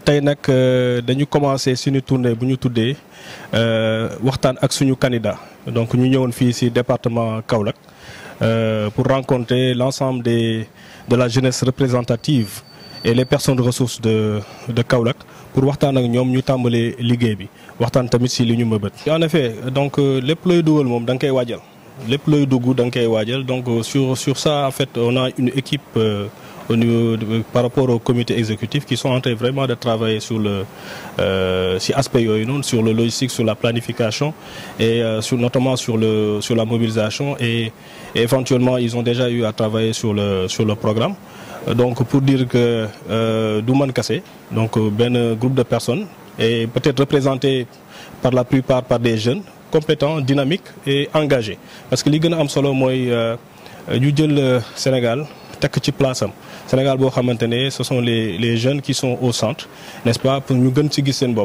tay nak euh, dañu commencer suñu tournée buñu tuddé euh waxtan ak suñu candidat donc ñu ñëwone fi ci département Kaolack euh, pour rencontrer l'ensemble des de la jeunesse représentative et les personnes de ressources de de Kaolack pour waxtan ak ñom ñu tambalé liguey bi waxtan tamit ci li ñu mëbët. en effet donc euh, lepp loy dugal mom dang kay koy lepp loy duggu dang kay nga donc sur sur ça en fait on a une équipe par rapport au comité exécutif qui sont en train vraiment de travailler sur le euh, sur le logistique, sur la planification et euh, notamment sur le sur la mobilisation et, éventuellement ils ont déjà eu à travailler sur le sur le programme. Donc pour dire que euh, Douman Kassé, donc ben groupe de personnes est peut-être représenté par la plupart par des jeunes compétents, dynamiques et engagés. Parce que les gëna solo moy Sénégal Sénégal ce sont les jeunes qui sont au centre n'est-ce pas pour nous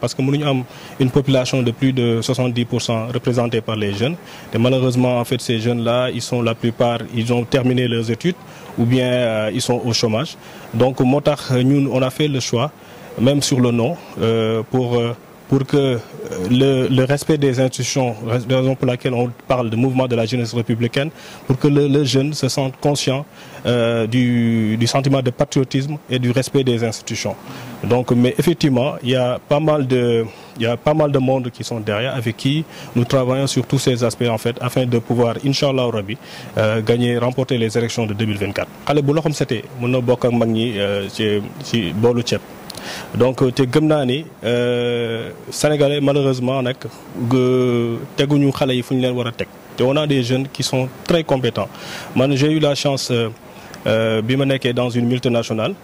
parce que nous avons une population de plus de 70 représentée par les jeunes Et malheureusement en fait ces jeunes là ils sont la plupart ils ont terminé leurs études ou bien euh, ils sont au chômage donc au euh, on a fait le choix même sur le nom euh, pour pour que euh, le, respect des institutions, raison pour laquelle on parle de mouvement de la jeunesse républicaine, pour que les jeunes se sentent conscients euh, du, du, sentiment de patriotisme et du respect des institutions. Donc, mais effectivement, il y a pas mal de, il y a pas mal de monde qui sont derrière, avec qui nous travaillons sur tous ces aspects, en fait, afin de pouvoir, Inch'Allah, Rabi, euh, gagner, remporter les élections de 2024. Allez, bon, comme c'était, mon ak Magni, euh, c'est donc euh, te gëm sénégalais malheureusement on a des jeunes qui sont très compétents j'ai eu la chance euh, ma dans une multinationale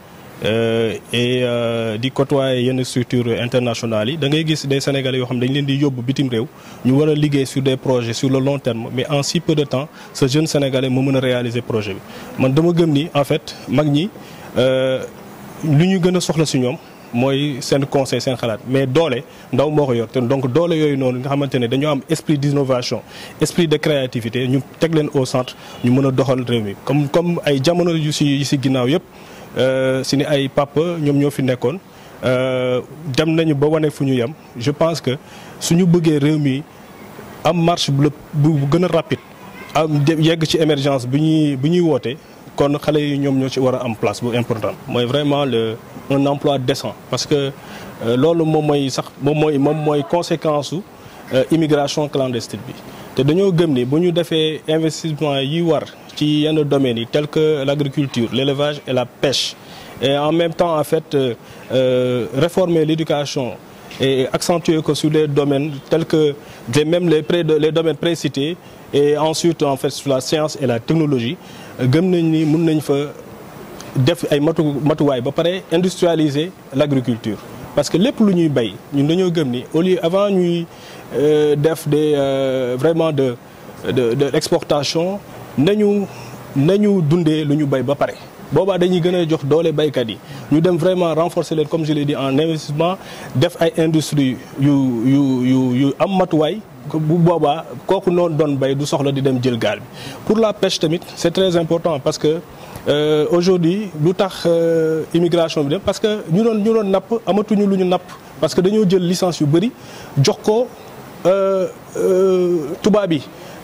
euh, et euh, di côtoyer yenn structures internationales yi da ngay gis des sénégalais yoo xam dañ leen di yóbbu bitim réew ñu war a liggéey sur des projets sur le long terme mais en si peu de temps ce jeune sénégalais moo mën a réaliser projet bi man dama gëm ni en fait mag ñi euh, lu ñu gën a soxla si ñoom mooy seen conseil seen xalaat mais doole ndaw moo ko yor donc doole yooyu noonu nga xamante ne dañoo am esprit d'innovation esprit de créativité ñu teg leen au centre ñu mën a doxal réew mi comme comme ay jamono yu si yu si euh, suñu ay papa ñom ñoo fi euh dem nañu ba wane fu ñu yem je pense que suñu bëggé réew mi am marche bu gëna rapide am yegg ci émergence bu ñuy bu ñuy wootee kon xalé yi ñom ñoo ci wara am place bu important moy vraiment le un emploi décent parce que euh, loolu moom mooy sax moom mooy moom mooy conséquence su euh, immigration clandestine bi té dañoo gëm ni bu ñu defee investissement yi war a nos domaines tels que l'agriculture l'élevage et la pêche et en même temps en fait euh, euh, réformer l'éducation et accentuer que sur les domaines tels que même les pré les domaines précités et ensuite en fait sur la science et la technologie nous industrialiser l'agriculture parce que les plus, nous bay au lieu avant euh, de vraiment de de de l'exportation nañu nañu dundé luñu bay ba paré boba dañuy gëna jox doole baykat yi ñu dem vraiment renforcer leen comme je l'ai dit en investissement def ay industrie yu yu yu yu am matuwaay bu boobaa kooku noonu doon bay du soxla di dem jël gal bi pour la pêche tamit c'est très important parce que Euh, aujourd'hui lu tax euh, immigration bi dem parce que ñu don ñu don nap amatu ñu luñu nap parce que dañu jël licence yu bari jox ko euh, euh, tuba bi